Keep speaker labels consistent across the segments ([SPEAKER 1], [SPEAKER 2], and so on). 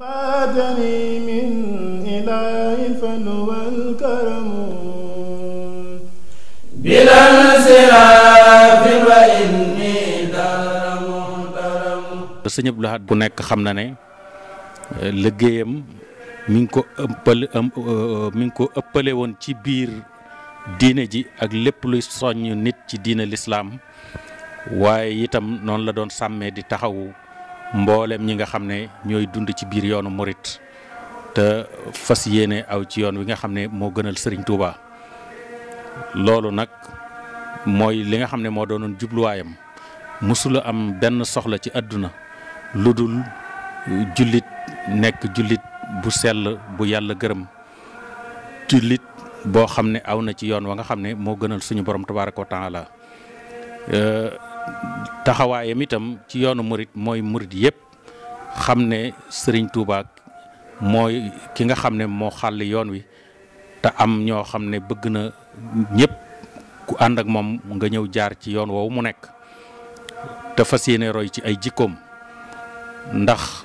[SPEAKER 1] قادني من إله الفن nekk xam na ne liggéeyam mu ngi ko ëppale mi ngi ko ëppale woon ci biir diine ji ak lépp lu soññ nit ci diina lislaam waaye itam noonu la doon sàmmee di taxawu mboolem ñi nga xam ne ñooy dund ci biir yoonu morit te fas yéene aw ci yoon wi nga xam ne moo gënal sëriñ Touba loolu nag mooy li nga xam ne moo doonoon jubluwaayam musula am benn soxla ci àdduna lu dul jullit nekk jullit bu sell bu yàlla gërëm jullit boo xam ne aw na ci yoon wa nga xam ne moo gënal suñu borom tabaaraka wa taala euh, taxawaayam itam ci yoonu murit moy murit yeb xamne serigne Touba moy ki nga xamne mo xal yoon wi ta am ño xamne bëgg na ñepp ku and ak mom nga ñew jaar ci yoon woowu mu nekk te fasiyene roy ci ay jikom ndax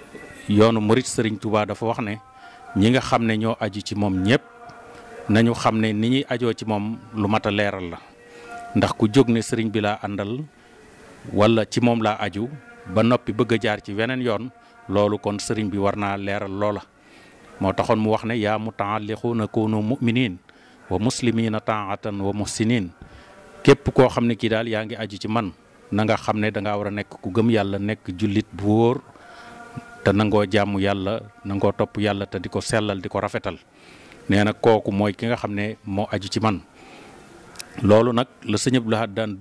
[SPEAKER 1] yoonu murit serigne Touba dafa wax ne ñi nga xamne ño aji ci mom ñepp nañu xamne ni ñi ajo ci mom lu mata leral la ndax ku jog ne serigne bila andal wala ci mom la aju ba pibegajar bëgg yon jaar ci wenen yoon loolu kon serigne bi warna naa leeral loola moo taxoon mu wax ne ya mutaalliquna kunu muminin wa muslimina taatan wa muhsinin kep ko xamne ki dal yaangi aju ci man na nga xamne da nga wara nek ku gëm yalla nek julit bu wor te te di ko diko rafetal neena koku moy ki nga xamne mo aju ci man nak nak le seigneur Abdou haddan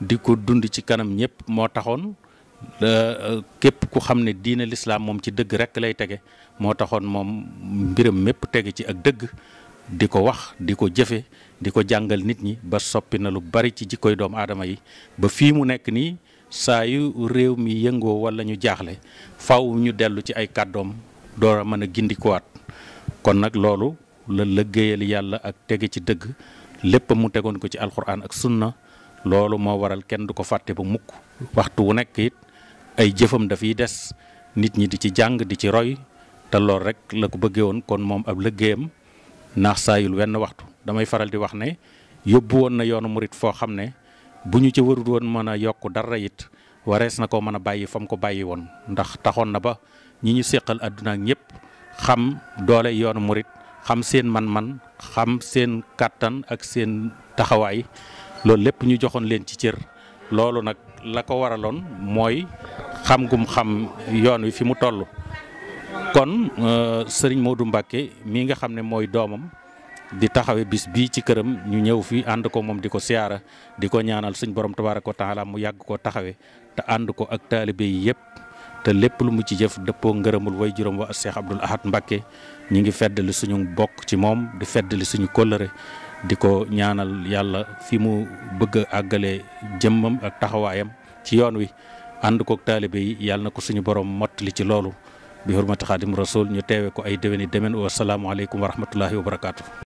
[SPEAKER 1] di ko dund ci kanam ñëpp moo taxoon euh, euh, képp ku xam ne diine lislaam moom ci dëgg rekk lay tege moo taxoon moom mbiram mépp tege ci ak dëgg di ko wax di ko jëfe di ko jàngal nit ñi ba soppi na lu bari ci jikkoy doomu aadama yi ba fii mu nekk nii saa yu réew mi yëngoo walla ñu jaaxle faw ñu dellu ci ay kàddoom door a mën a gindikuwaat kon nag loolu la lëggéeyal yàlla ak tege ci dëgg lépp mu tegoon ko ci alxuraan ak sunna loolu moo waral kenn du ko fàtte bu mukk waxtu wu nekk it ay jëfam dafay des nit ñi di ci jàng di ci roy te loolu rek la ko bëggee woon kon moom ab liggéeyam naax saayul wenn waxtu damay faral di wax ne yóbbu woon na yoonu murit foo xam ne bu ñu ci warut woon mën a yokk dara it warees na ko mën a bàyyi fa mu ko bàyyi woon ndax taxoon na ba ñi ñu séqal àdduna ak ñëpp xam doole yoonu murit xam seen man-man xam seen kàttan ak seen taxawaay loolu lepp ñu joxon leen ci cër loolu nak la ko waraloon xam gum xam yoon wi fi mu tollu kon euh, serigne Modou Mbacke mi nga xam ne domam di taxawé bis bi ci kërëm ñu ñëw fi and ko mom diko siara diko ñaanal serigne borom tabaaraku taala mu yag ko taxawé ta and ko ak talibé yi yëpp te lepp lu mu ci jëf depo ngërëmul way wa Cheikh abdul Ahad Mbacke ñi ngi feddali suñu bokk ci mom di feddali suñu koléré di ko ñaanal yàlla fi mu bëgg a àggale jëmmam ak taxawaayam ci yoon wi ànd kook taalibe yi yàlla na ko suñu borom mottali ci loolu bi xurmati xaadim rasul ñu teewe ko ay déwéni demen wa salaamu aleykum wa rahmatullahi wa barakaatu.